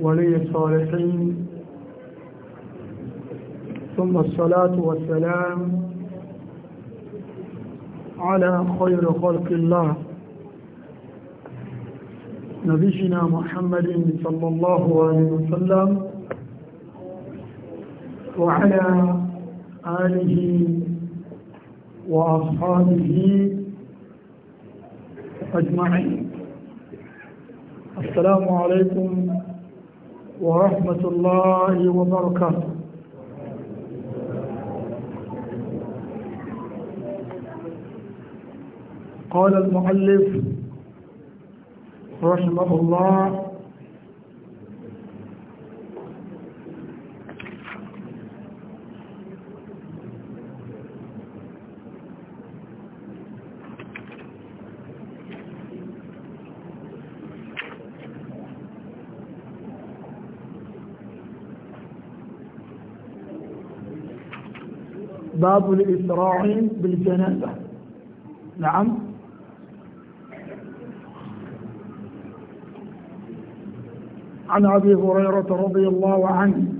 ولي الصالحين ثم الصلاة والسلام على خير خلق الله نبينا محمد صلى الله عليه وسلم وعلى آله وأصحابه أجمعين السلام عليكم ورحمة الله وبركاته قال المؤلف رحمه الله باب الإسراع بالجنازة نعم عن أبي هريرة رضي الله عنه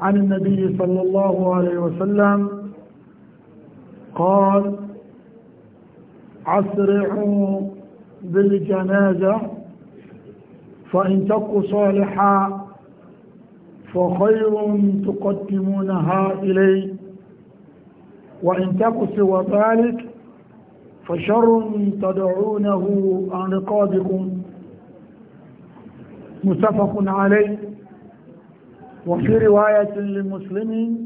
عن النبي صلى الله عليه وسلم قال أسرعوا بالجنازة فإن تقوا صالحا فخير تقدمونها إليه وإن تك سوى ذلك فشر تدعونه عن رقابكم متفق عليه وفي رواية لمسلم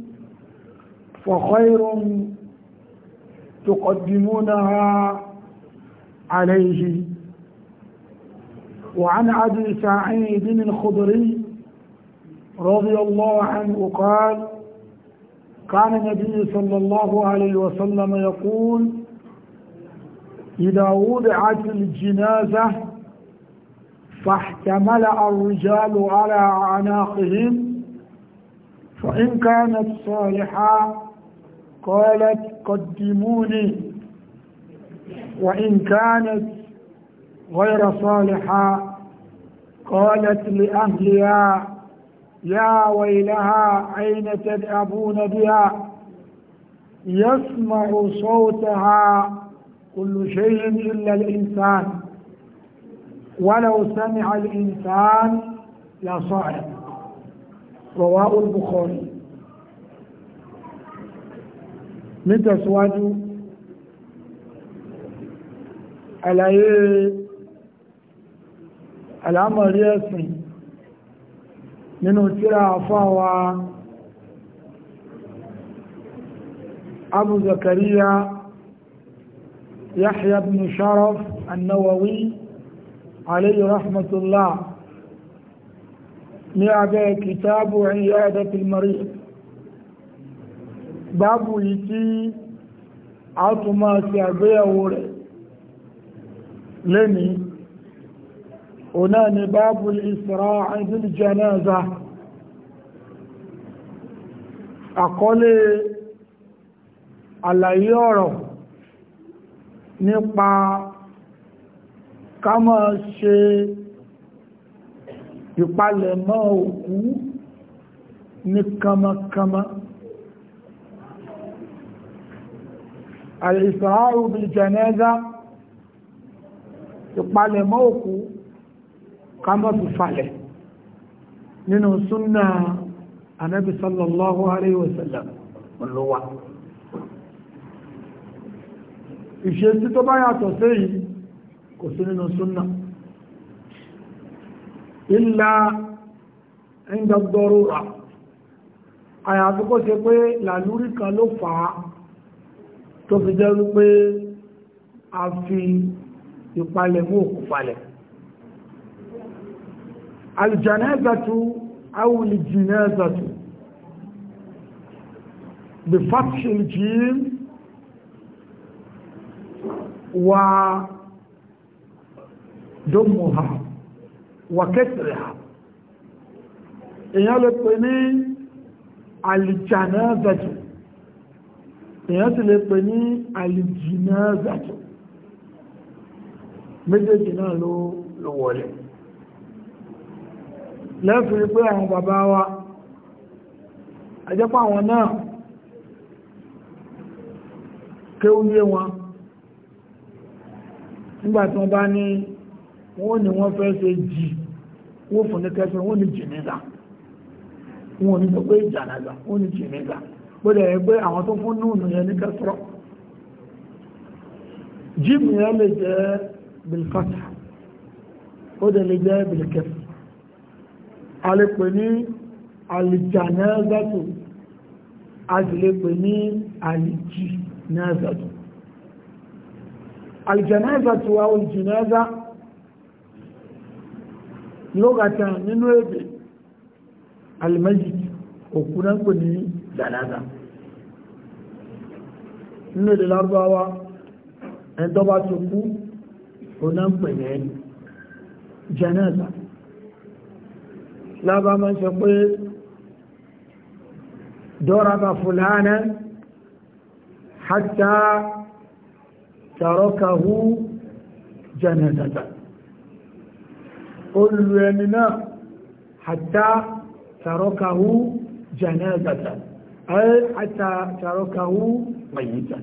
فخير تقدمونها عليه وعن أبي سعيد الخضري رضي الله عنه قال كان النبي صلى الله عليه وسلم يقول إذا وضعت الجنازة فاحتمل الرجال على أعناقهم فإن كانت صالحة قالت قدموني وإن كانت غير صالحة قالت لأهلها يا ويلها أين تذهبون بها يسمع صوتها كل شيء إلا الإنسان ولو سمع الإنسان لصعد رواه البخاري nítẹ̀síwájú àlàyé الامر ẹ̀sìn nínú tíra àfáwà abu zakariya yahya ibn sharaf annawawi alayhi rahmatullah ní abẹ́ kìtàbù iyadatul marid báàbù yìí tí a tún máa ṣe àgbéyàwó rẹ̀ lẹ́nìí ọ̀nà ni báàbù ìsìráà bil janaza àkọlé àlàyé ọ̀rọ̀ nípa ká máa ṣe ìpalẹ̀mọ́ òkú ní kamakama al-isra'u bil janaza ìpalẹ̀mọ́ òkú kámọ́bù falẹ̀ nínú súnnà anábi sallallahu alayhi wa sallam olówá ìṣesí tó bá yàtọ̀ séyìí kò sí nínú súnnà illa inda darura àyàfi kó ṣe pé làlúrí kan ló fà á fi jẹ́ wípé a fi ìpalẹ̀mú òkú falẹ̀ الجنازة أو الجنازة بفتح الجيم وضمها وكسرها èyàn lè pè ní alìjànáàzàtò èyàn sì lè pè ní alìjìnáàzàtò méjèèjì náà ló wọlé lẹ́fìrí pé àwọn bàbá wa àjẹ́pọ̀ àwọn náà kéwú yé wọn nígbàtí wọ́n bá ní wọ́n ní wọ́n fẹ́ ṣe jì wọ́n fún ní kẹfẹ́ wọ́n ní jìnnìza wọ́n ní sọ pé ìjànàza wọ́n ní jìnnìza gbọ́dọ̀ yẹ pé àwọn tó fún núùnù yẹn ní kẹsọ́rọ̀ jíìmù yẹn lè jẹ́ bilfata ó dẹ̀ lè jẹ́ bilkẹfẹ́ alẹ́pẹ̀ ní alìjànázàtò azìlẹ́pẹ̀ ní alìjìnázàtò alìjànázàtò àwọn ìjìnázà lọ́gàtà nínú èdè alìmẹ́jì òkú náà pè ní jànázà nínú èdè lárúbáwá ẹ̀dọ́bá tó kú ò náà pè ní lábá máa ń sọ pé dọ́raba fúlànà hátà tàrọkàhú jẹ́nàdàdà olùlù ẹni náà hátà tàrọkàhú jẹ́nàdàdà ayé hátà tàrọkàhú mayyita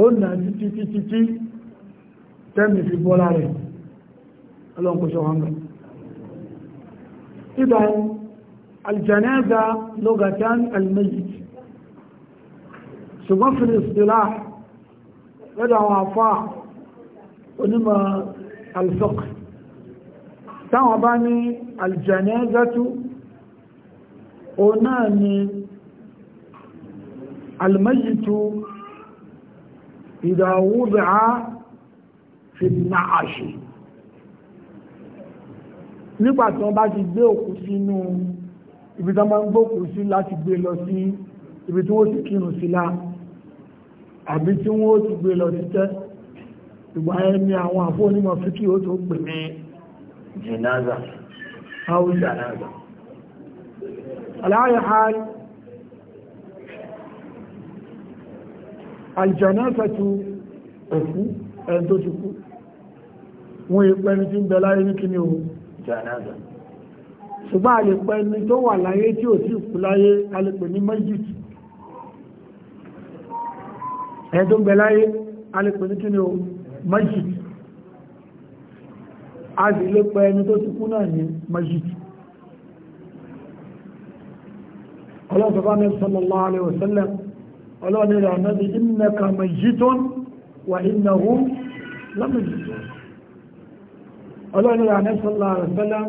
ó nà títí títí tẹ́mì fi bọ́lá rẹ̀ ọlọ́nkọ́ṣọ́ wọn إذا الجنازة لغة الميت سوى في الاصطلاح لدى وعفاء ونما الفقه تعباني الجنازة وناني الميت إذا وضع في النعاشين nígbà tí wọ́n bá ti gbé òkú sínú ibi tí wọ́n bá ń gbókú sí láti gbé lọ sí ibi tí wọ́n ti kírun sí lá àbí tí wọ́n ti gbé lọ sí tẹ́ ìgbà ẹni àwọn àfónímọ̀ fíkì ó tó pè ní jìnáza haúsá náà aláyé hàí aljanazatu òkú ẹni tó ti kú wọ́n ìpẹni tí ń bẹ láyé ní kíni ohun janaza ṣùgbọ́n àlepẹ́ ẹni tó wà láyé tí ò sí kú láyé alẹ́pẹ̀ ní mẹ́jìt ẹni tó ń bẹ láyé alẹ́pẹ̀ ní kíni o mẹ́jìt a sì lépẹ́ ẹni tó ti kú náà ní mẹ́jìt ọlọ́sọ̀fà ní sallallahu alaihi wasallam ọlọ́ni rẹ̀ ọlọ́run àmẹ́sọ́lá àrẹ̀sọ́lá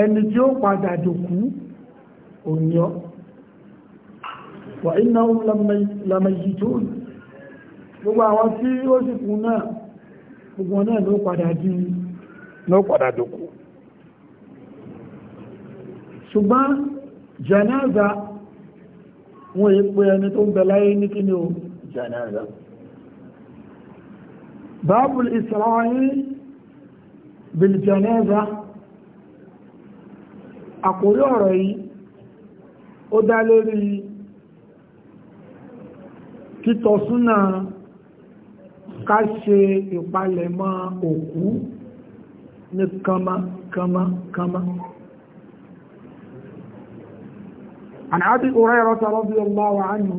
ẹni tí ó padà dòkú òníọ́ wà iná lamẹ́jì tó rí gbogbo àwọn tí ó sì kú náà gbogbo náà ló padà di ló padà dòkú ṣùgbọ́n janaza wọ́n yí pé ẹni tó ń bẹ ní kí ni ó janaza báàbùl ìsìláyìn biljaneza àkórí ọ̀rọ̀ yìí ó dá lórí títọ́ súnà ká ṣe ìpalẹ̀mọ́ òkú ní kama kama kama afọ أبي هريرة رضي الله عنه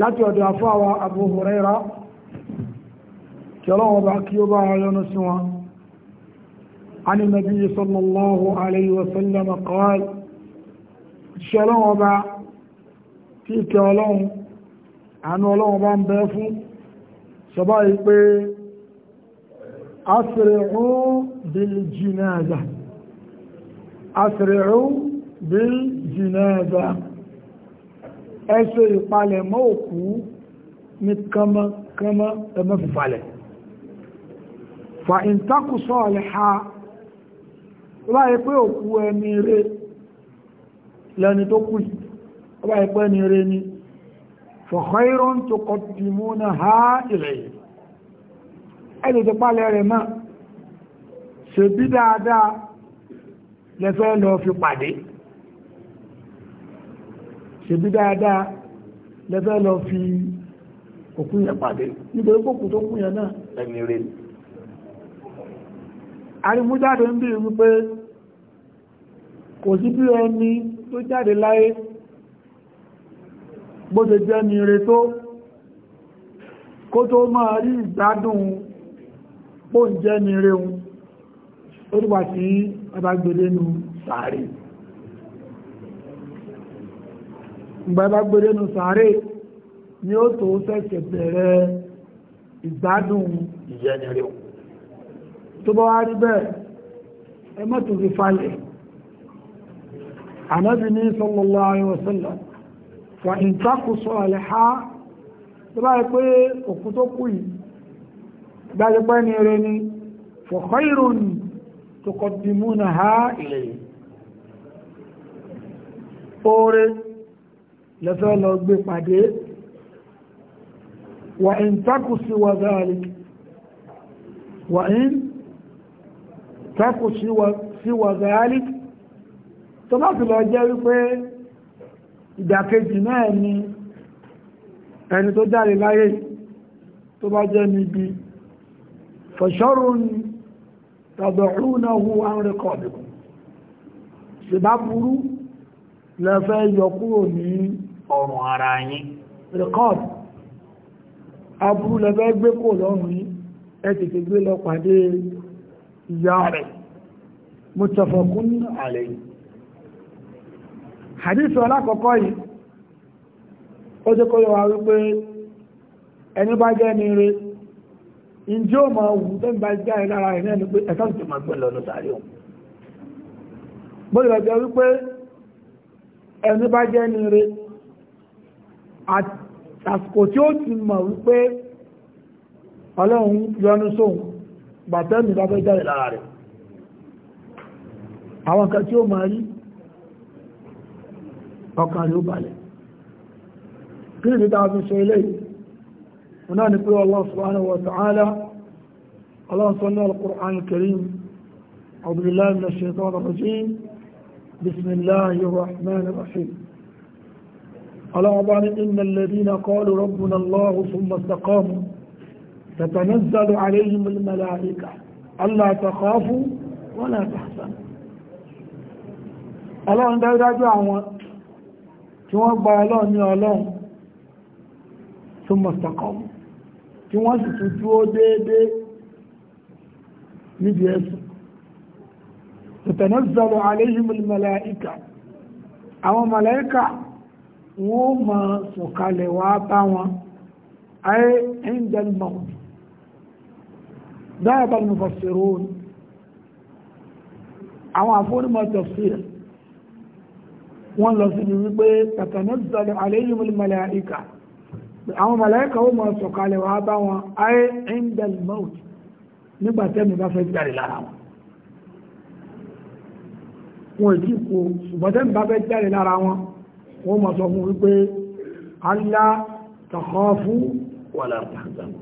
لا تعدى أبو هريرة كلام أبا sí wọn عن النبي صلى الله عليه وسلم قال الشلون وبا تيك ولون عن ولون وبا مبافو سبايك بي أسرعوا بالجنازة أسرعوا بالجنازة موكو ìpalẹ̀mọ́ كما كما ما في fìfàlẹ̀ فإن ìntakùsọ́ ọ̀lẹ́ha tó bá yẹ pé òkú ẹni rẹ lẹni tó kù tó bá pé ẹni rẹ ni fọ̀kọ́ìrún tó ha ilẹ̀ yìí ẹni tó pálẹ̀ rẹ̀ máa ṣe bí dáadáa lẹ́fẹ́ lọ fi pàdé ṣe pàdé nítorí pòkù tó kú náà ẹni rẹ̀ ni arimújáde ń bí wípé kò sí bí ẹni tó jáde láyé bó ṣe jẹ́ ni re tó kó tó máa rí ìgbádùn bó ń jẹ́ ni re un ó nígbà tí ọba gbèrè nù sàárè ìgbà sàárè ni ó tó sẹ́sẹ̀ bẹ̀rẹ̀ ìgbádùn ìyẹnirẹ̀ tó bá wá rí bẹ́ẹ̀ ẹ mọ́tò fi falẹ̀ ànábì ní sallallahu alaihi wasallam wà ní takùsọ alẹ́ ha tó bá yẹ pé òkú tó kú yìí gbájẹ́ pẹ́ ní eré ni fa khairun tuqaddimunaha ilayhi oore lẹ́fẹ́ lọ gbé pàdé wà ní takùsí wà dáàlì wà tẹ́kù síwọ̀ zaalik tó bá ti lọ jẹ́ wípé ìdàkejì náà ni ẹni tó jáde láyé tó bá jẹ́ níbi fọ̀ṣọ́rùn tàbọ̀rúnahu anrekọ̀dìkù sì bá burú lẹ́fẹ́ yọ kúrò ní ọ̀rùn ara yín rekọ́dì aburú lẹ́fẹ́ gbé kò lọ́rùn yín ẹ mutafakun alayhi hadith alákọ̀ọ́kọ́ yìí ó jẹ́ kó yọ wá wípé ẹni bá jẹ́ ní ma wù tó ń bá jáde lára rẹ̀ náà ni pé ẹ̀ka tó máa gbẹ̀lọ lọ sáré òun bó lè ẹni ọlọ́run yọ́nú sóhun àwọn kan tí ó máa rí ọkàn rí ó balẹ̀ kí ní tàà fi ṣe ilé wọn náà ni pé Allah subhanahu من الشيطان الرجيم بسم الله الرحمن الرحيم الأعضان إن الذين قالوا ربنا الله ثم استقاموا تتنزل عليهم الملائكة ألا تخافوا ولا تحزنوا ọlọ́run dájúdájú àwọn tí wọ́n gba ọlọ́run ní ọlọ́run tó mọ̀sàkọ̀mù tí wọ́n sì tún dúró déédéé níbi ẹ̀sùn tatanazzalu alayhimul malaika àwọn màláíkà wọ́n ma sọ̀kalẹ̀ wá bá wọn ayé indal maut dáàbà mufassirun àwọn àfọ́nímọ̀ tafsir wọ́n lọ síbi wípé tatanazzalu alayhim al-malaika àwọn màláìka ó máa sọ̀kalẹ̀ wá bá wọn ayé indal maut nígbà tẹ́mi bá fẹ́ jáde lára wọn wọn èdè kò ṣùgbọ́n tẹ́mi bá fẹ́ jáde lára wọn wọ́n máa sọ fún wípé allá takhafu wala tahzanu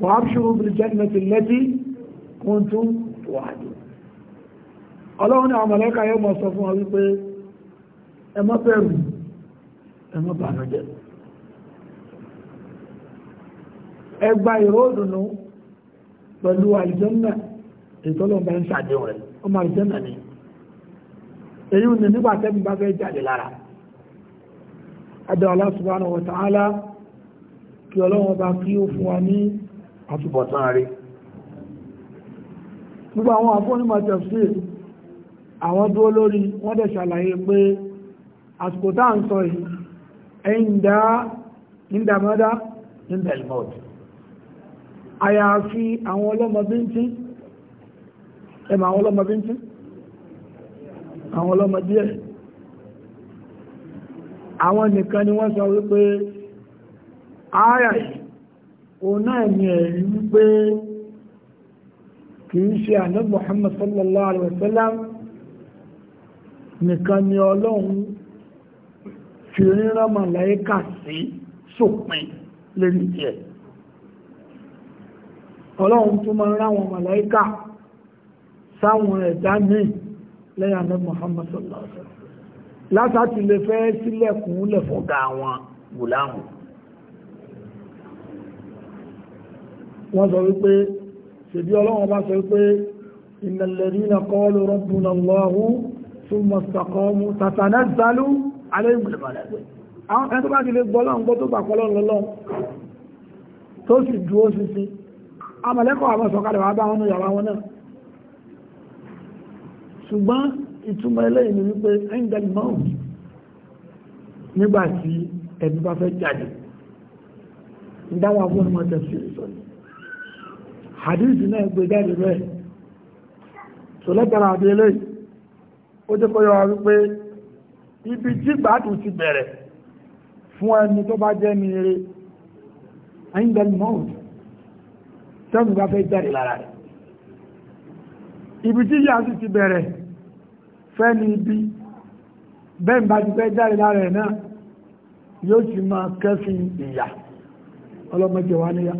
wa abshiru bil jannati allati kuntum tu'adun ọlọ́run ni àwọn màláìka yóò máa sọ fún wọn wípé ẹ má bẹ̀rù ẹ má bànújẹ́ ẹ gba ìró òdùnnú pẹ̀lú àìjọ́nà ìtọ́lọ́mọ ń ṣàdéhùn rẹ̀ ọmọ àìjọ́nà ni èyí ni nígbà tẹ́mi bá fẹ́ jáde lára adọ́ Allah subhanahu wa ta'ala kí ọlọ́wọ́n bá kí ó fún wa ní àtúbọ̀tán rẹ̀ gbogbo àwọn àfọ́nímọ̀ tẹ̀sí àwọn dúró lórí wọ́n dẹ̀ ṣàlàyé pé àsìkò tá à ń sọ yìí ẹ̀yìndà ìdàmọ́dá ìdàlmọ́d àyàfi àwọn ọlọ́mọbíntín ẹmà àwọn ọlọ́mọbíntín àwọn ọlọ́mọdíẹ̀ àwọn nìkan ni wọ́n sọ wípé ààrẹ òun náà ni ẹ̀rí wípé kìí ṣe ànábì Muhammad sallallahu alaihi wasallam nìkan ni ọlọ́run fi ríran màláíkà sí sópin lérí tiẹ̀ ọlọ́run tó máa ráwọn màláíkà sáwọn ẹ̀dá míì lẹ́yìn àmì Muhammad sallallahu alaihi wasallam látàtí lè fẹ́ sílẹ̀kùn lẹ̀fọ́gà àwọn gùlámù wọ́n sọ wípé ṣèbí ọlọ́run bá sọ wípé innal ladina qalu rabbuna Allahu thumma àwọn ẹni tó bá ti lè gbọ́ lọ́n gbọ́ tó bà kọ́lọ́n lọ́lọ́n tó sì dúó sí sí amọ̀lẹ́kọ̀ọ́ àwọn sọ̀kalẹ̀ wà bá wọn yàrá wọn náà ṣùgbọ́n ìtumọ̀ eléyìí ni wípé angel mount nígbàtí ẹ̀mí bá fẹ́ jáde ìdáwọn agbóhùnmọ́ tẹ̀sí ìsọ̀lẹ̀ hadith náà gbé jáde bẹ́ẹ̀ tó lẹ́tara àdé eléyìí ó jẹ́ yọ wípé ibi tí gbádùn ti bẹ̀rẹ̀ fún ẹni tó bá jẹ́ ní eré angel mount tẹ́mù bá fẹ́ jáde lára rẹ̀ ibi tí yà sí ti bẹ̀rẹ̀ fẹ́ ní ibi bẹ́ẹ̀ bá ti fẹ́ jáde lára rẹ̀ náà yóò ti máa kẹ́fìn ìyà ọlọ́mọdé wa níyà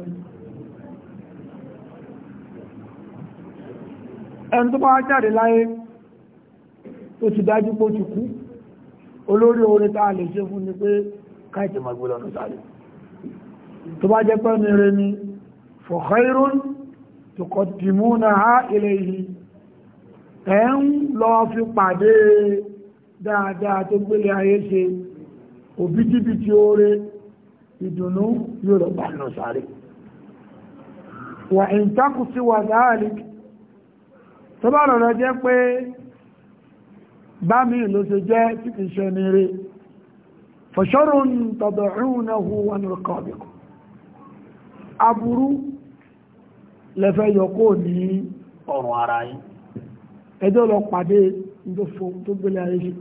ẹni tó bá jáde láyé tó ti dájú pé ó ti kú olórí oore tá a lè ṣe fún ni pé káìtì máa gbọ́dọ̀ ní sáré tó bá jẹ́ pé ní rẹ ni fọ̀kẹ́rún tó kọ tìmú na ha ilẹ̀ yìí ẹ̀ ń lọ fi pàdé dáadáa tó gbélé ayé ṣe òbítíbitì oore ìdùnnú yóò lọ gbà ní sáré bá mi ló ṣe jẹ́ tí kì í ṣe ní rí fọ̀ṣọ́rùn tọ̀dọ̀rúnnahu wọn rọ̀kọ̀bìkù aburú lẹ́fẹ́ yọkó ní ọ̀rọ̀ ara yìí ẹjọ́ lọ pàdé tó gbélé ayé ṣe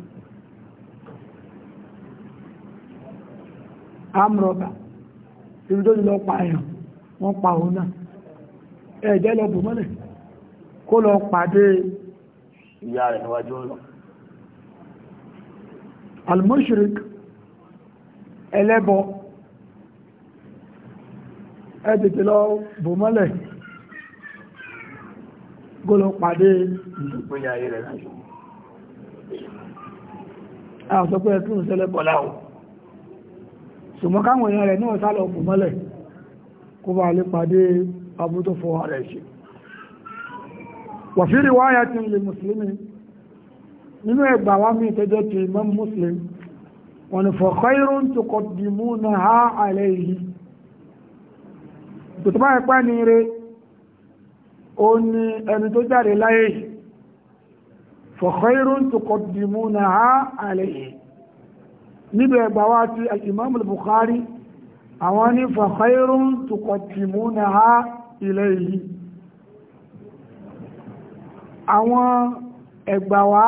amrọ̀bà ibi lọ pa ẹ̀yàn wọ́n pa òun náà ẹ̀jẹ́ lọ bù kó lọ pàdé ìyá rẹ̀ níwájú ọlọ́ al-mushrik ẹlẹ́bọ ẹ tètè lọ bò mọ́lẹ̀ gólọ pàdé ìdòpinlẹ̀ ayé rẹ̀ láyé a sọ pé ẹkùn sẹ́lẹ́bọ̀ láwọ̀ ṣùgbọ́n káwọn èèyàn rẹ̀ náà sálọ bò mọ́lẹ̀ kó bá lè pàdé abútó fọ́ ààrẹ ṣe wàfírí wáyá ń lè mùsùlùmí nínú ẹgbà wa mi ìtẹ́jọ́ ti imam muslim wọn ni fa khairun tuqaddimunaha alayhi tòtò bá ẹ̀pá ní ire ó ní ẹni tó jáde láyé fa khairun tuqaddimunaha alayhi níbẹ̀ ẹgbà wa ti imam bukhari àwọn ní fa khairun tuqaddimunaha ilayhi àwọn ẹgbà wa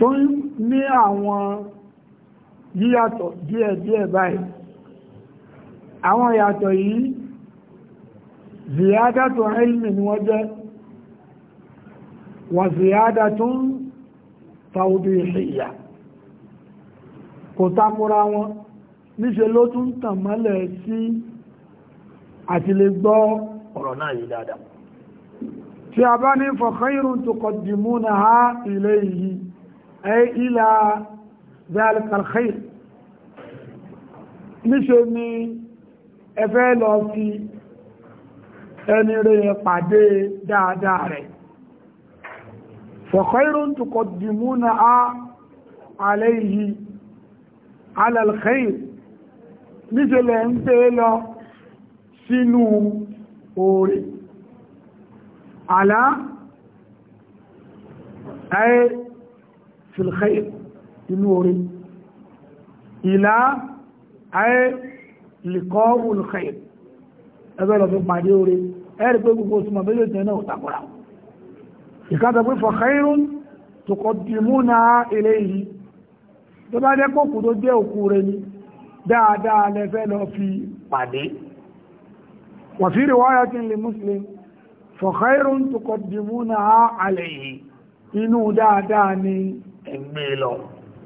tó ní àwọn yíyàtọ̀ díẹ̀díẹ̀ báyìí àwọn ìyàtọ̀ yìí ziyadatu ilmi ni wọ́n jẹ́ wà ziyadatu tawdihiyya kò takura wọn níṣẹ́ ló tún tàn mọ́lẹ̀ sí àti lè gbọ́ ọ̀rọ̀ náà yìí dáadáa tí a bá ní fa khayrun tuqaddimuna ha ilayhi أي إلى ذلك الخير níṣe ni ẹfẹ́ lọ fi ẹni rẹ̀ pàdé dáadáa rẹ̀ فخير تقدمون عليه على الخير níṣẹ̀lẹ̀ ń tẹ́ lọ sínú oore àlá ẹ̀ fil khair inú orí ìlà ayé lìkọ́ ul khair ẹgbẹ́ lọ fi pàdé orí ẹ̀rì pé gbogbo súnmọ̀ méjèèjì náà ò takora ìkátà pé fa khairun tuqaddimuna ilayhi tó bá jẹ́ pòkù tó jẹ́ òkú rẹ̀ ni dáadáa lẹ́fẹ́ lọ fi pàdé wa fi riwayatin li muslim fa khairun tuqaddimuna alayhi inú dáadáa ni ẹgbẹ́ lọ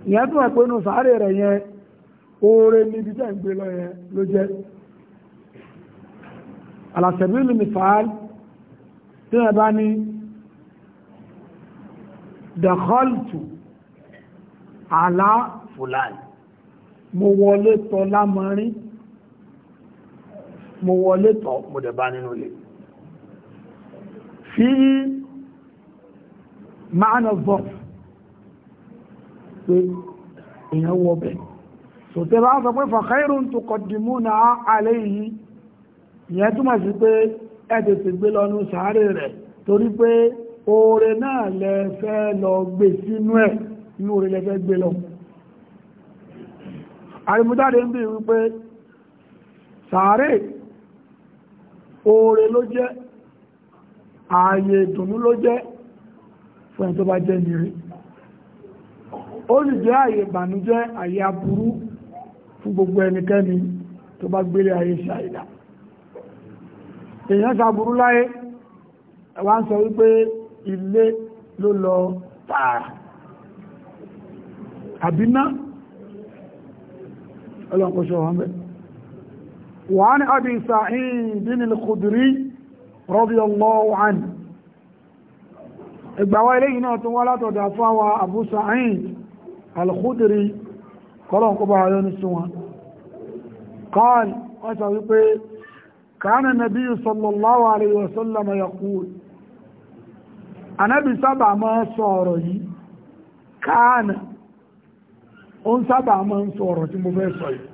ìyẹn tún ẹ̀pẹ́ inú sàárè rẹ̀ yẹn oore níbi tẹ́ ń gbé lọ yẹn ló jẹ́ alàṣẹ̀bílù ní fàáàlì tí wọ́n bá ní dẹ̀kọ́lùtù àlá fúlàní mo wọlé tọ́ lámọ́rin mo wọlé tọ́ mo dẹ̀ bá nínú ilé fi ma'ana zọ́f pé èèyàn wọ bẹ̀ sòtẹ́ bá sọ pé fàkàírùn tó kọ̀dìmú náà alẹ́ yìí ìyẹn túmọ̀ sí pé ẹ tètè gbé lọ́nu sàárè rẹ̀ torí pé oore náà lẹ fẹ́ lọ gbé sínú ẹ̀ inú oore lẹ fẹ́ gbé lọ àrìmúdáde ń bí wípé sàárè oore ló jẹ́ ààyè ìdùnnú ló jẹ́ fún ẹ̀ tó bá jẹ́ nìrí ó lè jẹ́ àyè ìbànújẹ́ àyè aburú fún gbogbo ẹnikẹ́ni tó bá gbélé ayé ṣàìdá èèyàn sàbúrú láyé ẹwà ń sọ wípé ilé ló lọ tààrà àbíná ọlọ́pọ̀ṣọ́ wọn bẹ̀ wọ́n ni ọdí ìsàáyìn dínil kùdìrí radiyallahu anhu ẹgbàwà ilé yìí náà tó wá látọ̀dọ̀ àfáwà Abu alkhudiri kọ́lọ̀n kọ́ bá ayọ́ ní sí wọn kọ́l wọ́n sọ wípé kàánà nàbí sallallahu alayhi wa sallam yaqul anábi sábà máa sọ̀rọ̀ yìí kàánà ó ń sábà máa ń sọ̀rọ̀ tí mo fẹ́ sọ yìí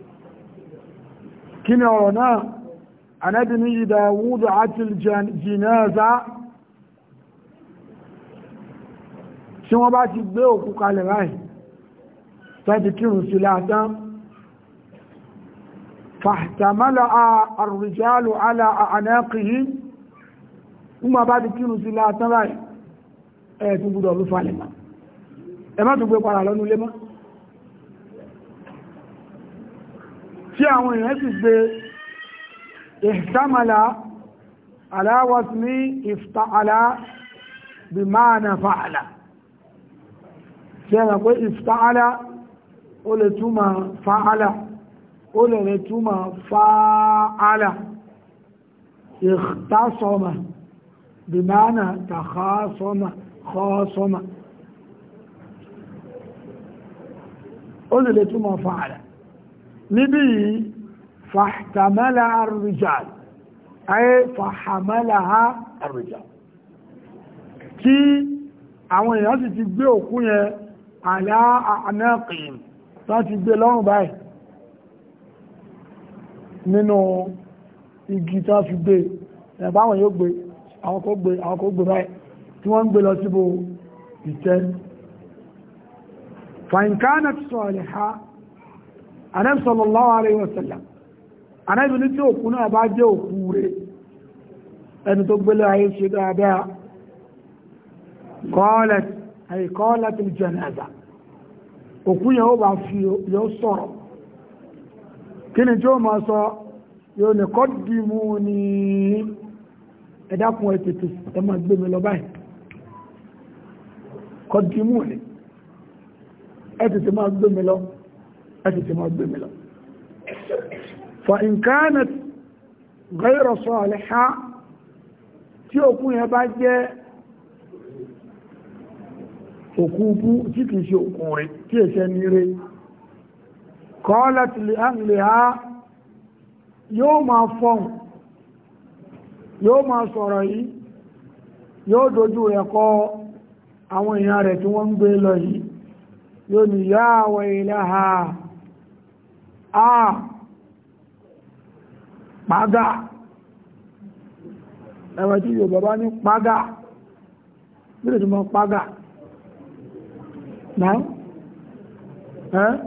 kí ni ọ̀rọ̀ náà anábi ní idha wudi'atil jinaza tí wọ́n bá ti gbé òkú kalẹ̀ báyìí tàbí kírùn sí látán fàtàmálà àrùjálù alá ànákìí nígbà bá ti kírùn sí látán ráì ẹ̀ẹ̀tún gbúdọ̀ ló falẹ̀ ma ẹ má tún gbé padà lọ́nu lé mọ́ tí àwọn èèyàn sì gbé ìhtàmàlà aláwọ̀sí ní ìftààlá bí máa na fa'ala tí ẹ̀nà pé ìftààlá ó lè túmọ̀ fa'ala ó lè lè túmọ̀ fa'ala ìtàsọ́mà bìmánà tàkásọ́mà kọ́sọ́mà ó lè lè túmọ̀ fa'ala níbi yìí fàtàmẹ́lá ar-rijal ayé fàhàmẹ́lá ar tí àwọn èèyàn sì ti gbé òkú yẹn àlá àmẹ́kìyàn láti gbé lọ́rùn báyìí nínú igi tó fi gbé ẹ̀bá àwọn yóò gbé àwọn kó gbé àwọn kó gbé báyìí tí wọ́n ń gbé lọ síbò ìtẹ́ fàǹkánà ti sọ ẹ̀lẹ̀ ha Ànábì sallallahu alaihi wasallam Ànábì ní tí òkú náà ẹni tó gbélé ayé ṣe dáadáa kọ́ọ̀lẹ̀ tó jẹ́ náà òkú yẹn ó bá fi yóò sọ̀rọ̀ kí ni tí ó máa sọ yóò ní kọ́ di mú ní ẹ̀dàkùn ẹ̀tẹ̀tẹ̀ ẹ máa gbé mi lọ báyìí kọ́ di mú ní ẹ̀tẹ̀tẹ̀ máa gbé mi lọ ẹ̀tẹ̀tẹ̀ máa gbé mi lọ fa in kanat ghayra salihah tí òkú yẹn bá jẹ́ òkú bú tí kìí ṣe okùnrin rẹ̀ tí èṣẹ́ ní rẹ̀ kọ́ọ́lẹ̀tì lè ha yóò máa fọ́n yóò máa sọ̀rọ̀ yìí yóò dojú ẹ̀kọ́ àwọn èèyàn rẹ̀ tí wọ́n ń gbé lọ yìí yóò ní yá àwọ̀ ilẹ̀ ha a pàgà ẹ̀wẹ̀ tí yóò bàbá ní pàgà bí tí mọ́ pàgà نعم ها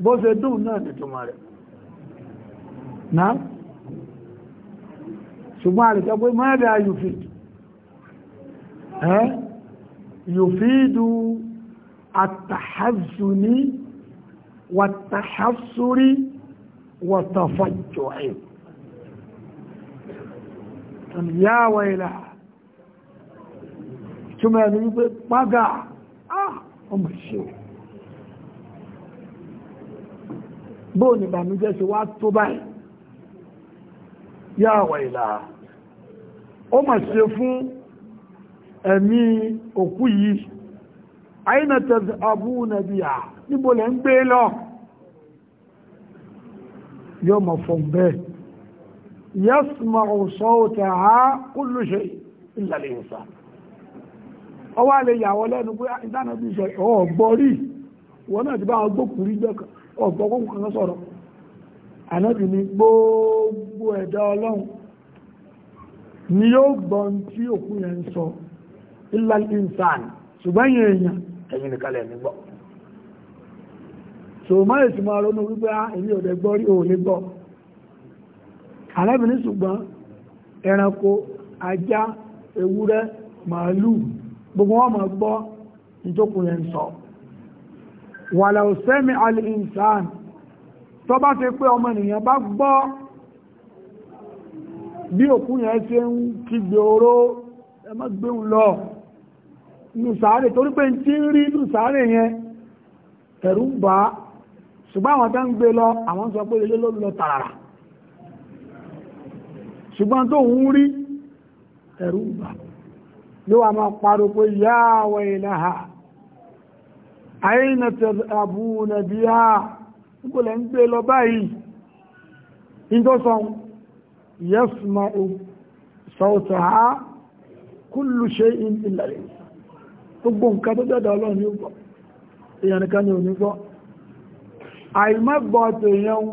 بوزه دو نعم تمارا نعم سمارا تبو ماذا يفيد ها يفيد التحزن والتحسر والتفجع يا ويلا ثم يقول ọmọ ṣe o bóò ní ìbànújẹ́ ṣe wá tó báyìí yá àwọ̀ ìlà ó mà ṣe fún ẹ̀mí òkú yìí àìnàtẹ̀ àbú nàbí à níbo lẹ́ ń gbé lọ yóò mọ̀ fún bẹ́ẹ̀ yasma'u sawtaha kullu shay illa al-insan ọwọ́ àlè yàwọ́ lẹ́nu pé ah, ìdáná bí sọ ọ̀gbọ́ rí náà ti bá wọn rí jẹ́ ọ̀gbọ́ kókù kan sọ̀rọ̀ gbogbo ẹ̀dá ọlọ́run ni yóò gbọ́n tí òkú yẹn ń sọ illa insan ṣùgbọ́n yẹn èèyàn ẹ̀yìn ronú wípé èmi gbogbo wọn mọ̀ gbọ́ nítòkùn yẹn sọ wàlà òsẹ́mi al-insan tó bá ṣe pé ọmọ ènìyàn bá gbọ́ bí òkú yẹn ṣe ń kígbe oró ẹ má gbéhùn lọ nù sàárè torí pé tí ń rí nù sàárè yẹn ẹ̀rù ń bá ṣùgbọ́n àwọn tó ń gbé lọ àwọn sọ pé ilé ló lọ tààrà ṣùgbọ́n tó ń rí ẹ̀rù ń bá ló wà máa parọ́ pé yá waylaha ayna tadhabuna biha na lẹ́ ń gbé lọ báyìí ìjọsọ yasma'u sawtaha kullu shay'in illa al ha gbogbo nǹkan tó dẹ́dà ọlọ́run ní gbọ́ èèyàn nìkan ni ò ní gbọ́ àìmọ́gbọ́ tèèyàn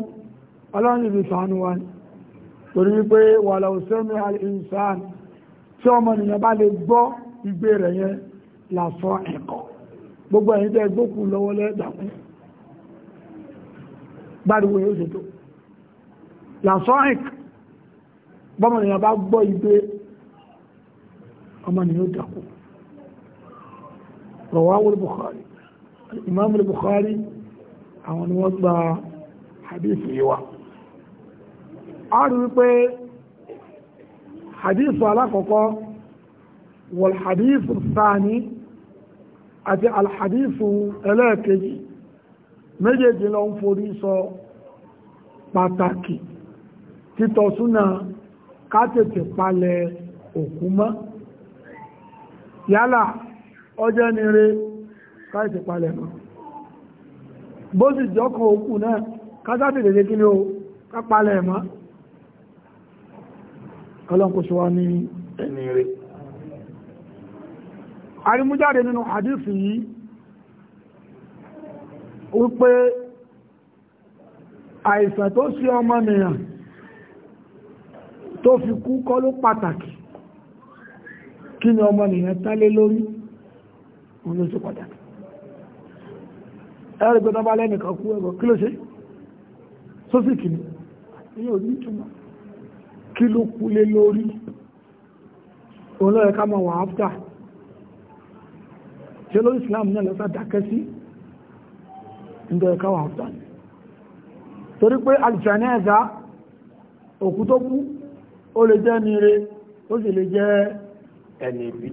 ọlọ́run ìbìsànú al-insan tí ọmọ ènìyàn bá lè gbọ́ igbe rẹ̀ yẹn làsọ ẹ̀kọ́ gbogbo ẹ̀yin tẹ́ gbókù lọ́wọ́ lẹ́dàkún gbáriwo yóò ṣètò làsọ ẹ̀kọ́ bọ́mọ ènìyàn bá gbọ́ igbe ọmọ ènìyàn dàkú rọ̀wáwó Bukhari Imam Bukhari àwọn ni wọ́n gba hadith yìí a rí wípé hadith alákọ̀ọ́kọ́ wàlhadith sáàní àti alhadisu ẹlẹ́ẹ̀kejì méjèèjì lọ ń forí sọ pàtàkì títọ́ súnà kátètè palẹ̀ òkú yálà ọjọ́ nire káìsì palẹ̀ mọ́ bó sì jọ́kọ̀ òkú náà kátàtì lè kí ni ó kápalẹ̀ mọ́ kọlọ́nkó ṣe wá ní ẹni rẹ̀ arimújáde nínú hadisi yìí wípé àìsàn tó sí ọmọnìyàn tó fi kú kọ́ ló pàtàkì kí ni ọmọnìyàn tálé lórí wọn ló sí pàtàkì ẹ̀rẹ́gbẹ̀tọ́ bá lẹ́nìkan kú ẹgbọ̀ kí ló ṣe sósìkì ni ní òní túnmọ̀ kí ló kúlé lórí olóyẹ ká mọ̀ wọ́n áfíà ṣe lórí islam náà lọ́sà dákẹ́ sí ìdọ̀yẹ ká wọ́n áfíà torí pé aljanaza òkú tó kú ó lè jẹ́ mire ó sì lè jẹ́ ẹni bí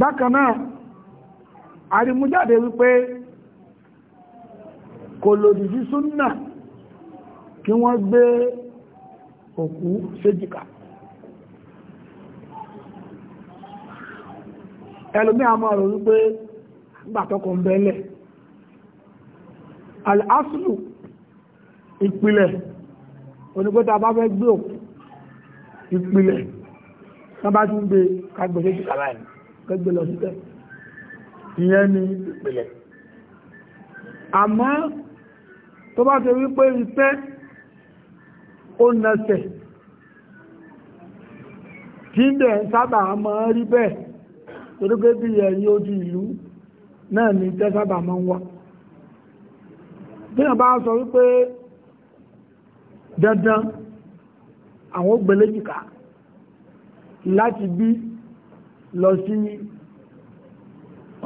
bákan náà àrímújáde wípé kò lòdì sí súnnà kí wọ́n gbé òkú séjìká ẹlùmí àmọ́ rẹ̀ wípé gbàtọ́kọ̀ ń bẹ́lẹ̀ al-aslu ìpìlẹ̀ onígbóta bá fẹ́ gbé òkú ìpìlẹ̀ tán bá tún gbé kagbẹ̀ séjìká láì kẹgbẹ̀ lọ sí tẹ́ ìyẹn ni ìpìlẹ̀ àmọ́ tó bá ti wípé ìtẹ́ ó nasẹ̀ tí ń bẹ̀ sábà mọ́ rí bẹ́ẹ̀ torípé bí ẹ̀yìn ojú ìlú náà ni tẹ́ sábà mọ́ wá bí wọ́n bá sọ wípé dandan àwọn ògbẹ̀lẹ́jìká láti bí lọ sí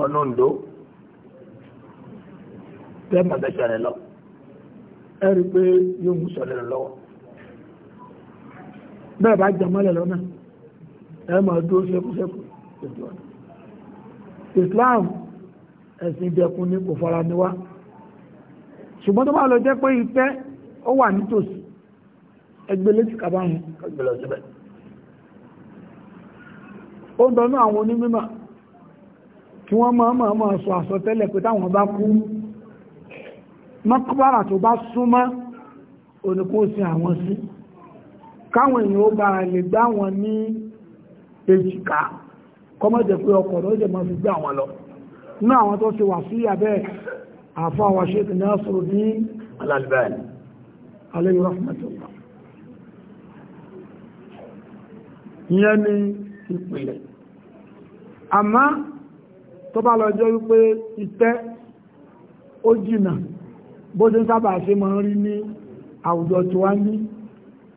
ọ̀nà ǹdó tẹ́ mọ̀ bẹ́sẹ̀ rẹ̀ lọ ẹ̀rí pé yóò mú sọ̀rẹ̀ lọ́wọ́ bẹ́ẹ̀ bá jẹ mọ́lẹ̀ lọ́nà ẹ máa dúró ṣekúṣekú ètò ọ̀nà Islam ẹ̀sìn ìdẹ̀kùn ni kò fara ni wá ṣùgbọ́n tó bá lọ jẹ́ pé ìtẹ́ ó wà nítòsí ẹgbẹ́ létí kàbáyìn kàgbé lọ síbẹ̀ ó ń dọ́nú àwọn onímọ̀ tí wọ́n máa máa máa sọ àsọtẹ́lẹ̀ pé táwọn bá kú mọ́kúbára tó bá súnmọ́ òníkó sin àwọn sí. Si káwọn èèyàn ó bára lè gbá wọn ní èjìká kọmọ́jẹ̀ pé ọkọ̀ ló jẹ́ mọ́ fi gbá wọn lọ ní àwọn tó ṣe wà sí abẹ́ àfá wa Sheikh Nasruddin Al-Albani alayhi rahmatullah ìyẹn ni ìpìlẹ̀ àmá tó bá lọ jẹ́ wípé ìtẹ́ ó jìnà bó ṣe sábà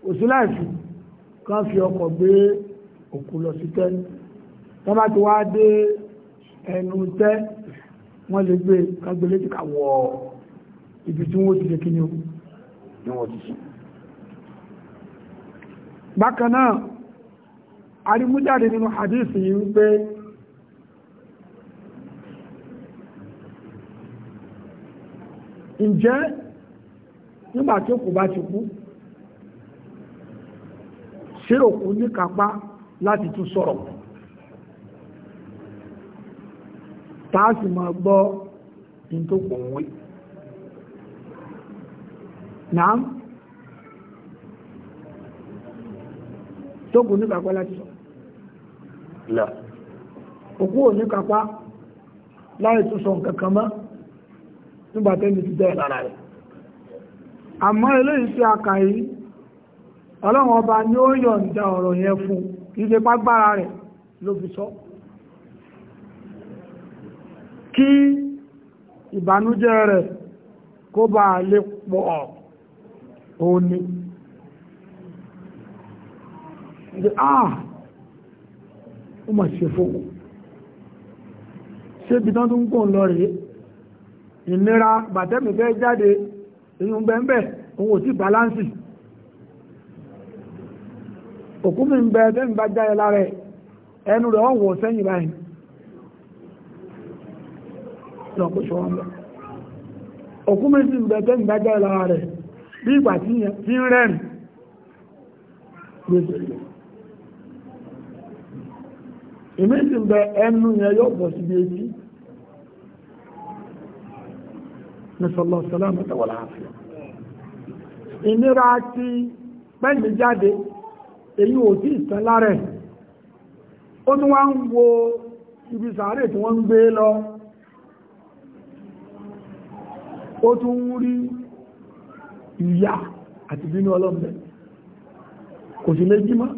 òsíláìsì kan fi ọkọ̀ gbé òkú lọ sí tẹ́ tó bá ti wá dé ẹnu tẹ́ wọ́n lè gbé kágbélé ti kà wọ ibi tí wọ́n ti lè kíni òkú ni wọ́n ti sùn bákan náà arimújáde nínú hadith yìí wípé ǹjẹ́ nígbà tí ó kò bá ti kú ṣe òkú ní kápá láti tún sọ̀rọ̀ táàsì ma gbọ́ in tó kò wọ́n náà tó kò ní kápá láti sọ̀rọ̀ lọ òkú ò ní kápá láì tún sọ nǹkan kan mọ́ nígbàtẹ́ ní ti dẹ́ lára rẹ̀ àmọ́ eléyìí sí àkàyí ọlọ́run ọba ni ó yọ̀ǹda ọ̀rọ̀ yẹn fún kìí ṣe págbára rẹ̀ ló fi sọ kí ìbànújẹ́ rẹ̀ kó bá lè pọ̀ òní ah ó mà ṣe fún ṣe bí tán tó ń kún lọ rèé ìnira bàtẹ́mì fẹ́ jáde èyí ń bẹ́ẹ̀ bẹ́ẹ̀ òun ò sí balansi òkú mi ń bẹ tẹ́mi bá jáde lára ẹ̀ ẹnu rẹ̀ wọ́n wọ̀ sẹ́yìn báyìí lọ́kùnṣọ́ wọn lọ òkú mi sì ń bẹ tẹ́mi bá jáde lára rẹ̀ ẹnu yẹn yóò bọ̀ síbi etí nìsọ̀lọ̀ sọ́lá mọ́tàwọ́lá àfihàn ìnira ti pẹ́ẹ̀mí jáde èyí ò tí ìtàn lárẹ̀ ó tún wá ń wo ibi sàárè tí wọ́n ń gbé lọ ó tún ń rí ìyà àti bínú ọlọ́m̀bẹ̀ kò sí méjì mọ́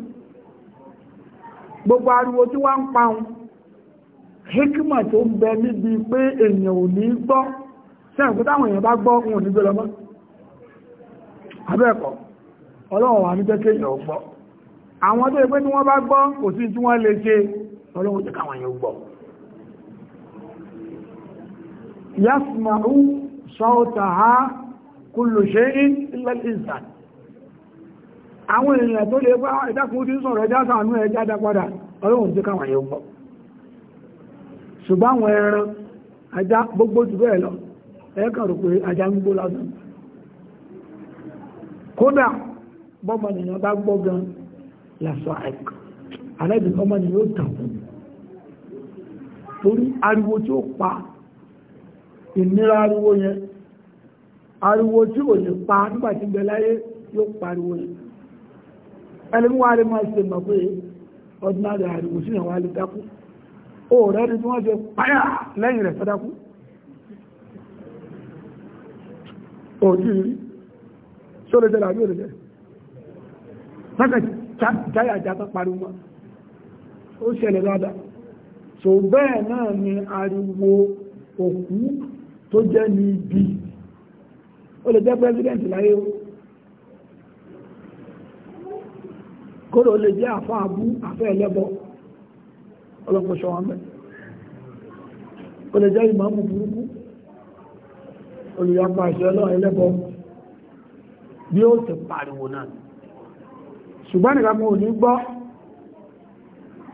gbogbo ariwo tí wọ́n ń paun hikima tó ń bẹ níbi pé èèyàn ò ní gbọ́ sẹ́ǹkú táwọn èèyàn bá gbọ́ wọn ò ní gbé mọ́ abẹ́ẹ̀kọ́ ọlọ́run wà ní jẹ́ kéèyàn ò gbọ́ àwọn tó yẹ pé tí wọ́n bá gbọ́ kò sí tí wọ́n lè ṣe ọlọ́run jẹ́ káwọn yóò gbọ́ yasma'u sawtaha kullu shay'in illa al-insan àwọn ènìyàn tó lè bá ìdákùn tí sọ̀rọ̀ ẹjá kódà bọ́mọ nìyàn bá gbọ́ lásán àìkọ́ aláìbí ọmọ ni yóò torí ariwo tí ó pa ìnira ariwo yẹn ariwo tí ó lè pa nígbàtí bẹ láyé yóò pariwo yẹn ẹlẹ́mú máa ṣe mọ̀ pé ordinary ariwo sí ìyàwó lè dákú ó rẹ́ ni tí wọ́n ṣe páyà lẹ́yìn rẹ̀ fẹ́dákú òjì rí táyà jata pariwo ó ṣẹlẹ̀ dáadáa so bẹ́ẹ̀ náà ni ariwo òkú tó jẹ́ ní ibi ó lè jẹ́ pẹ́sidẹ̀ntì láyé o kódò lè jẹ́ àfá àbú àfẹ́ ẹlẹ́bọ ọlọ́pọ̀ṣọ́ wọn bẹ̀ ó lè jẹ́ ìmọ̀mù burúkú olùyàpá ìṣẹ́lọ́ ẹlẹ́bọ bí ó ti pariwo náà ṣùgbọ́n nìkan mú ní gbọ́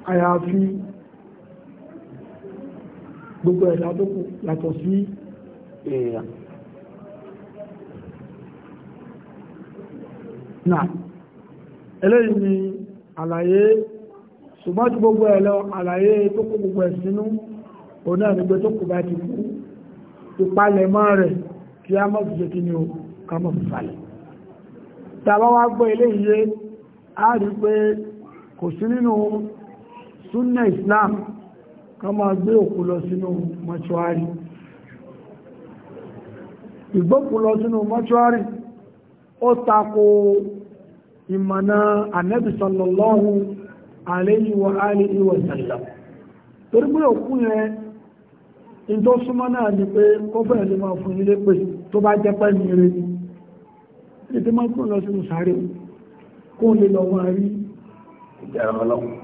àyàfi gbogbo ẹ̀dá tó kù yàtọ̀ sí èèyàn náà eléyìí ni àlàyé ṣùgbọ́n tí gbogbo ẹ̀ lọ àlàyé tó kù gbogbo ẹ̀ òun náà nígbẹ́ tó kù bá ti kú ìpalẹ̀mọ́ rẹ̀ kí a mọ́ fi jẹ́ kí ni ó ká mọ́ fi falẹ̀ tàbá wá gbọ́ eléyìí a rí pé kò sí nínú súnnà islam ká máa gbé òkú lọ sínú mọ́ṣúárì ìgbókù lọ sínú mọ́ṣúárì ó tako ìmọ̀nà ànábì sallallahu alayhi wa torí pé òkú yẹn tó súnmọ́ náà ni pé kó fún ilé pè tó bá jẹ́ pẹ́ ní sínú sáré kó lè lọ máa rí ìjẹ̀rọ ọlọ́run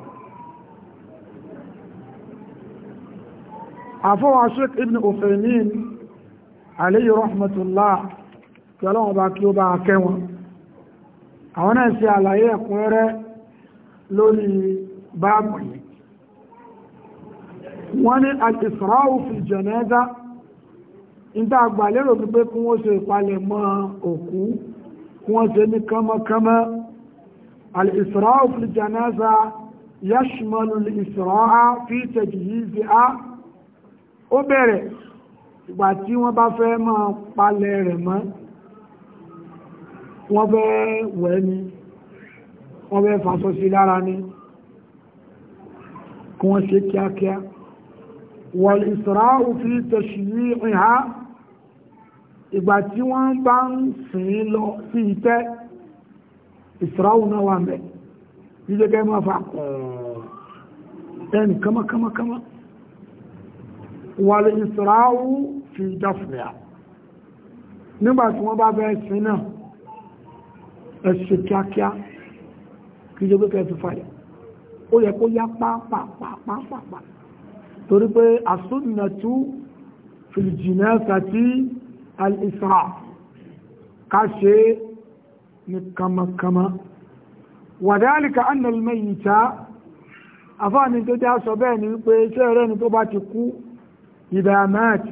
àfọwà Sheikh Ibn Uthaymeen alayhi rahmatullah kí ọlọ́run bá kí ó bá kẹ́ wọn àwọn náà ṣe àlàyé ẹ̀kúnrẹ́rẹ́ lórí báàbù yìí wọ́n ní al-isra'u fi janaza ìta àgbà lérò pípé kí wọ́n ṣe ìpalẹ̀mọ́ òkú kí wọ́n ṣe ní kánmọ́kánmọ́ الإسراء في الجنازة يشمل الإسراء في تجهيزها ó bẹ̀rẹ̀ ìgbà tí wọ́n bá fẹ́ máa palẹ̀ rẹ̀ mọ́ wọ́n fẹ́ wẹ̀ ni wọ́n fẹ́ fàṣọ sí lára ni kí wọ́n ṣe kíákíá wal isra'u fi tashyi'iha ìgbà tí wọ́n bá ń sìn lọ sí ìtẹ́ ìsìráwù náà wà mẹ́ jíjẹ́ gẹ́ máa fa ẹni kama kama kama wà lè ìsìráwù fi dáfìyà nígbàtí wọ́n bá bẹ́ ẹ̀sìn náà ẹ̀sìn kíákíá kí jẹ́ pé kẹfì fàyà ó yẹ kó yá pápápápápá torí pé àsúnnàtú fìlìjìnà sàtí al-ìsìráwù ká ṣe ní kamakama wàdálìkà annalmẹ́ yìí ta afáàní tó já sọ bẹ́ẹ̀ ni wípé iṣẹ́ rẹ̀ ni tó bá ti kú ìdàmáàtì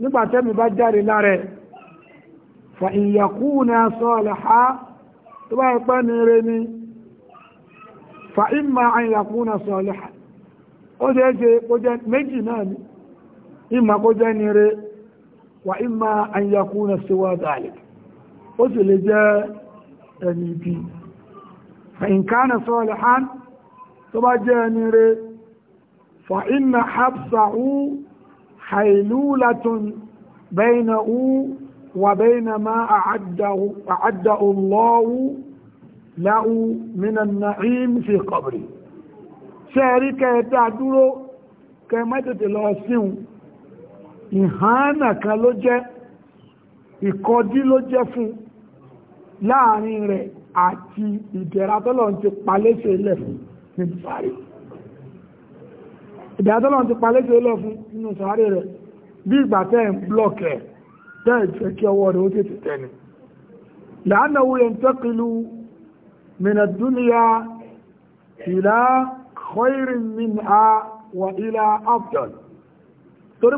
nígbà tẹ́mi bá jáde lára fa ìyàkú na sọ́ọ̀lẹ̀há tó bá ipẹ́ ni rẹ̀ ni fa ìmà àyàkú na sọ́ọ̀lẹ̀há ó jẹ́ jẹ́ méjì náà ni ìmà kó jẹ́ ni rẹ̀ wa ìmà àyàkú na síwá dàlẹ̀ ó sì lè jẹ́ ẹni ibi fàìǹkánà sọ́ọ̀lẹ̀hán tó bá jẹ́ ẹni rẹ̀ fàìnà hapsahu hailulatun bainahu wà baina ma a'adda Allahu láhú minan na'im fi qabri ṣẹ́rí kẹta dúró kẹ mẹ́tẹ̀tẹ̀ lọ síun ìhánà kan ló jẹ́ ìkọdí ló jẹ́ fún láàrin rẹ̀ àti ìdẹ̀ra tọ́lọ̀ ti palẹ́sẹ̀ ilẹ̀ fún nínú sàárè ìdẹ̀ra tọ́lọ̀ ti palẹ́sẹ̀ ilẹ̀ fún nínú sàárè rẹ̀ bí ìgbà tẹ́ ń blọ́kẹ̀ tẹ́ ìfẹ́ kí ọwọ́ rẹ̀ ó tètè tẹ́ni la'annahu yantaqilu min ad-dunya ila khairin minha wa ila afdal torí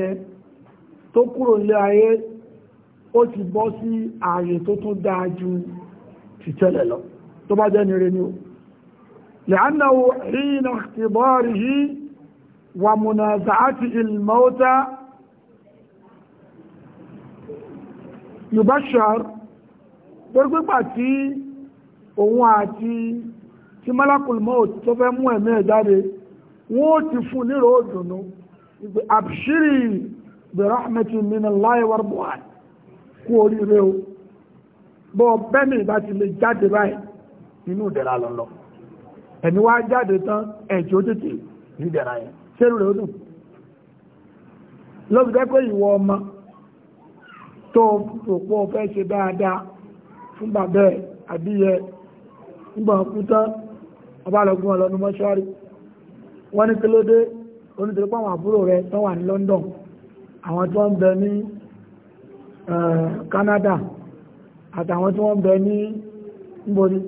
yẹn tó kúrò ilé ayé ó ti bọ́ sí ààyè tó tún dáa ju ti tẹ́lẹ̀ lọ tó bá jẹ́ nire ni ó lẹ́annáwó rína ti bọ́ọ̀rì yìí wà múnà sàátì ilmọ́ta yubashar gbogbogbà tí òun àti tí malakulmọ́ tó fẹ́ mú ẹ̀mí ẹ̀ wọ́n ti fún nírò òdùnnú àbṣírí bi rahmatin min Allahi warbu'an kú oríire o bọ́ bẹ́ẹ̀mì bá ti lè jáde báyìí inú ìdẹ̀ra lọ́lọ́ ẹ̀mí wá jáde tán ẹ̀jọ́ tètè ìdẹ̀ra yẹn ṣérù rẹ̀ ó dùn lọ́bí dẹ́kọ́ ìwọ ọmọ tó rọ̀pọ̀ fẹ́ ṣe dáadáa fún bàbẹ́ àbíyẹ nígbàkú tán ọbálọ́gbọ́n ọlọ́nu mọ́ṣọ́rí wọ́n ní kí ló dé onítẹ̀lẹ́pọ̀ àwọn àbúrò rẹ̀ tán wà ní London àwọn tó ń bẹ ní Eh, Canada àtàwọn tí wọ́n bẹ ní mbori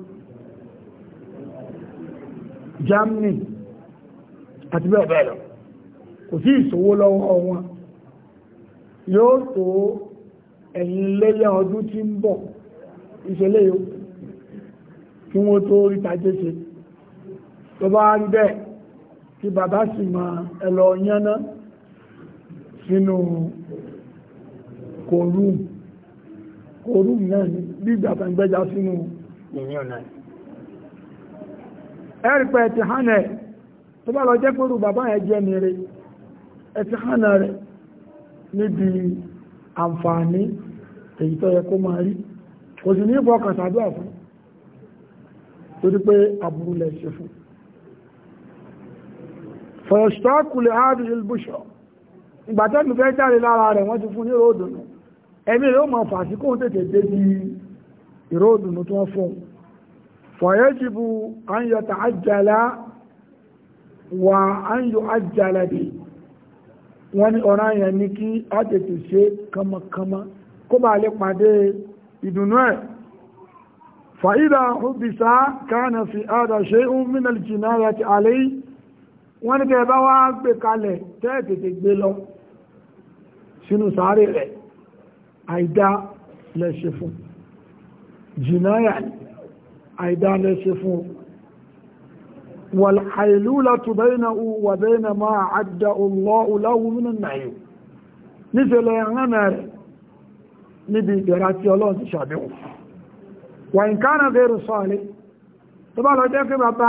Germany àti bẹ́ẹ̀ bẹ́ẹ̀ lọ kò sí ìṣòwò lọ́wọ́ wọn yóò tó ẹ̀yìn lẹ́yẹ ọdún tí ń bọ̀ ìṣẹ̀lẹ̀ yóò kí wọ́n tó rí tàjé ṣe tó bá rí bẹ́ẹ̀ kí bàbá sì máa ẹlọ yánná sínú kòrúm kòrúm náà ní gbígbà tàgbẹ́já sínú ìyàn náà ẹ̀rìpẹ̀ ti hánà ẹ̀ tó bá lọ jẹ́ pẹ̀lú bàbá ẹ̀ jẹ́ ní rẹ̀ ẹ̀ ti hánà rẹ̀ níbi àǹfààní èyí tó yẹ kó máa rí kò sì ní ìbọn kan tàbí àfún torí pé àbúrú lẹ̀ ṣe fún fọ̀yọ̀ṣtákùlẹ̀ ààrùn ìlbùṣọ̀ ìgbàtẹ́mì fẹ́ jáde lára rẹ̀ wọ́n ti fún ní ròdùnú ẹ̀mí rẹ̀ ó mọ̀ fàásí kó tètè dé bí ìró òdùnnú tí wọ́n fún fọ̀yẹ́jìbù àyọ̀tà àjàlá wà áyọ̀ àjàlá bì wọ́n ní ọ̀rọ̀ àyàn ní kí á tètè ṣe kánmọ́kánmọ́ kó bá lè pàdé ìdùnnú ẹ̀ fàídà hùbìsá kánà fi àdà ń mìnà jìnà àti àlẹ́ wọ́n ní bẹ́ẹ̀ bá wá gbé kalẹ̀ tẹ́ẹ̀ gbé lọ sínú sáré rẹ̀ àìdá lẹ́ṣe fún jìnáyà àìdá lẹ́ṣe fún wàl'àìlúlàtù bẹ́ẹ̀nà wà bẹ́ẹ̀nà máa àdá ọlọ́ọ̀láwùmínà náà nífẹ̀lẹ̀ ránà rẹ̀ níbi ìdẹ̀ra tí ọlọ́run ti ṣàdéhùn wà ń kánà gẹ́rù sọ́ọ̀lẹ́ tó bá lọ jẹ́ pé bàbá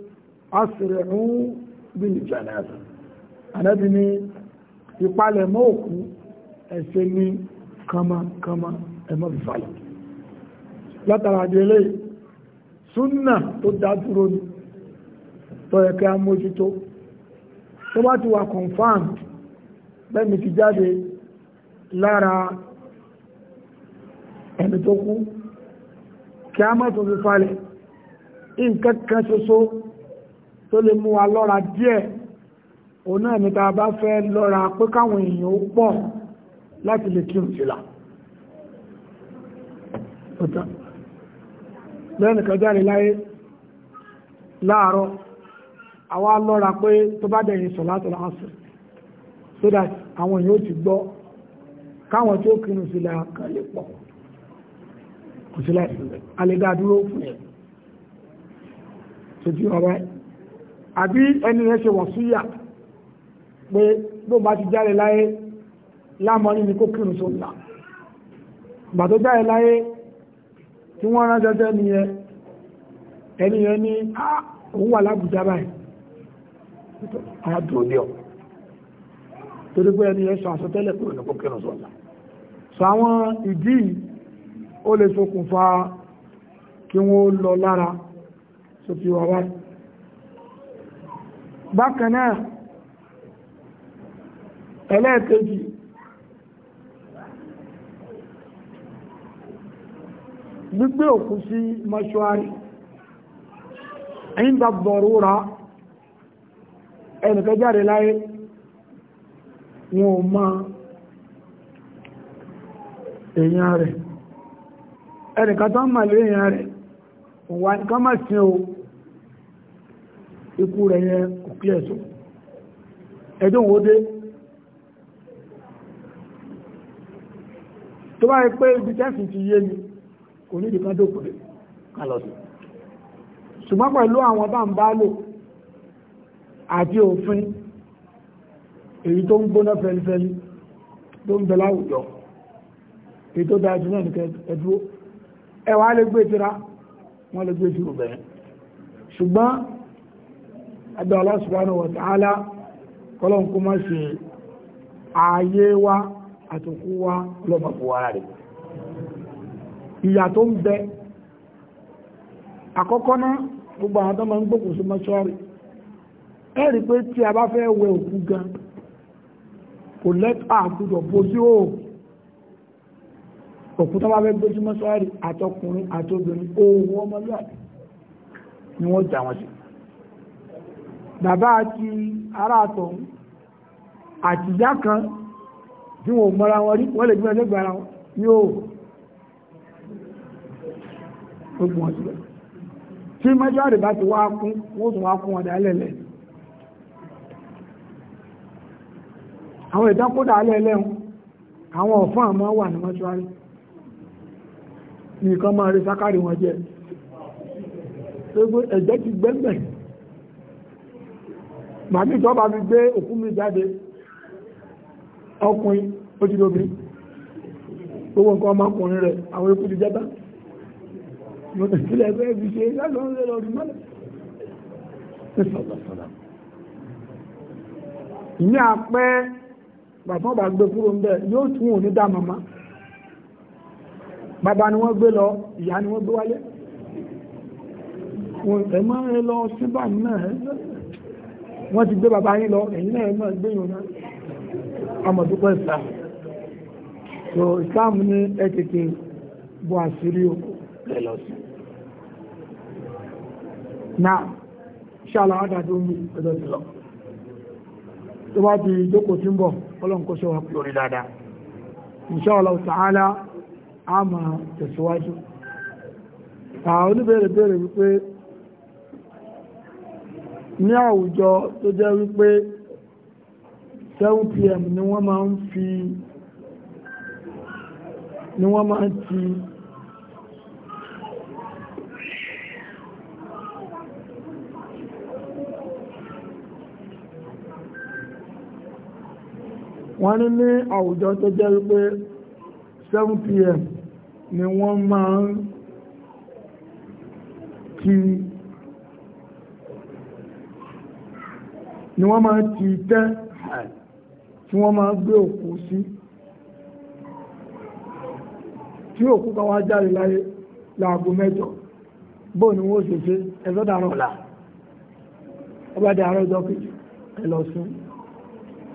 asìrìnú bí ìjànàzà anábi ni ìpalẹ̀mọ́ òkú ẹ̀ṣẹ́ ní kàmàkàmà ẹmọ́ ìfàlẹ̀ látara àjẹ́lẹ̀ súnnà tó dádúró ní tọ́ẹ̀kẹ́ amójútó tó bá ti wà confirmed bẹ́ẹ̀mì ti jáde lára ẹni tó kú kí a má tó fi falẹ̀ nǹkan kan ṣoṣo tó lè mú wa lọ́ra díẹ̀ òun náà ni tá a bá fẹ́ lọ́ra pé káwọn èèyàn ó pọ̀ láti lè kí òtìlà lẹ́nu kan jáde láyé láàárọ̀ àwa lọ́ra pé tó bá dẹ̀yìn sọ látọ̀lá ọ̀sẹ̀ so that àwọn èèyàn ó ti gbọ́ káwọn tí ó kírun sílẹ̀ kan lè pọ̀ kò sílẹ̀ àlẹ́dá dúró fún ẹ̀ tó ti ọ̀rọ̀ ẹ̀ àbí ẹni yẹn ṣe wọ̀síyà pé bó bá ti jáde láyé lámọ́rí ni kó kírun tó là bà tó jáde láyé tí wọ́n rán jẹ́jẹ́ ẹni yẹn ẹni yẹn ní òun wà lábùjá báyìí àdúró ní ọ̀ torí pé ẹni yẹn sọ àsọtẹ́lẹ̀ kúrò ní kó kírun tó là sọ àwọn bákan náà ẹlẹ́ẹ̀kejì gbígbé òkú sí mọ́ṣúárì ẹ̀yìn dàbọ̀rú ra ẹnìkan láyé wọn ò máa èèyàn rẹ̀ ẹnìkan tó ń rẹ̀ wà ní kọ́mọ̀ ikú rẹ̀ yẹn clear so ẹjọ́ wo dé tó bá yẹ pé ibi tẹ́sì ti yé ni kò ní ìdíkan tó pè kálọ̀sì ṣùgbọ́n pẹ̀lú àwọn bá ń bá lò àti òfin èyí tó ń gbóná fẹ́lifẹ́li tó ń bẹ láwùjọ èyí tó dájú náà ní ẹdúró ẹwà lè tira wọ́n abẹ́ Allah subhanahu wa ta'ala kọ́lọ́n kó má ṣe ààyè wa àtòkú wa lọ́mọ fòwárà rẹ̀ ìyà tó ń bẹ àkọ́kọ́ náà gbogbo àwọn tó máa ń gbókùn sí mọ́ṣọ́rì ẹ̀rí pé tí a bá fẹ́ wẹ òkú gan kò lẹ́tà àkùdọ̀ bó sí òòrùn òkú tó bá fẹ́ gbójúmọ́ sọ́rì àtọkùnrin àtobìnrin ohun ọmọlúwàbí ni wọ́n jà wọ́n sí bàbá àti ará àtọ̀hún àtìyá kan tí wọ́n mọ́ra wọn rí wọ́n lè gbé ẹgbẹ́ ara wọn yóò ogun ọ̀sílẹ̀ tí mẹ́jọ́ àdìbá ti wá kún wọ́n tún wá kún ọ̀dà ẹlẹ́lẹ̀ àwọn ìdánkódà alẹ́lẹ́ àwọn ọ̀fán àmọ́ wà ní mọ́ṣúárì nìkan máa rí sákàrí wọn jẹ́ ẹgbẹ́ ti gbẹ́gbẹ̀rẹ̀ màmí ìjọba mi gbé òkú mi jáde ọkùnrin ó ti lóbi gbogbo nǹkan ọmọkùnrin rẹ̀ àwọn ikú ti jẹ́ta ìpínlẹ̀ ẹgbẹ́ ibi ṣe lálọ́ ń lọ rí mọ́lẹ̀ ní àpẹ́ bàbá bá gbé kúrò ń bẹ̀ yóò tún òní dá màmá bàbá ni wọ́n gbé lọ ìyá ni wọ́n gbé wálé ẹ̀mọ́ ẹ lọ síbà náà ẹ̀lẹ́ wọ́n ti gbé bàbá yín lọ ẹ̀yìn náà máa gbé yòó náà so islam ní ẹ tètè bọ́ àṣírí o lè lọ sí ọjọ́ ti lọ tó bá di ìjókòó tí ń bọ̀ ọlọ́run kó dáadáa a máa ní àwùjọ tó jẹ́ wípé 7pm ni wọ́n máa ń fi ni wọ́n máa ń ti wọ́n ní ní àwùjọ tó jẹ́ wípé 7pm ni wọ́n máa ń ti ni wọ́n máa ti tẹ́ tí wọ́n máa gbé òkú sí tí òkú kan wá jáde láyé láàgó mẹ́jọ bó ni wọ́n ṣe ṣe ẹ̀sọ́ dàrọ̀ là ọba dàrọ̀ ọjọ́ kejì ẹlọ́sùn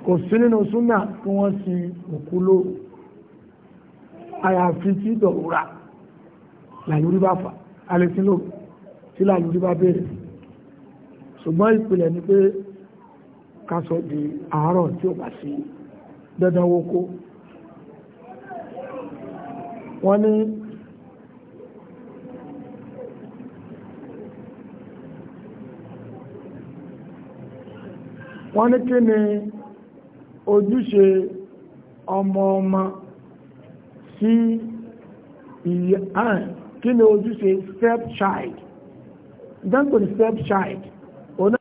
kò sí nínú súnà tí wọ́n sin òkú lóru àyàfi tí dọ̀wúra làlúrí bá fà alẹ́sìn lóru tí làlúrí bá bẹ̀rẹ̀ ṣùgbọ́n ìpìlẹ̀ ni pé kásọ̀ di àárọ̀ tí ó bá sí dandan woko wọ́n ní wọ́n ní kí ni ojúṣe ọmọ ọmọ sí ìyá kí ni ojúṣe step child dánkò ní step child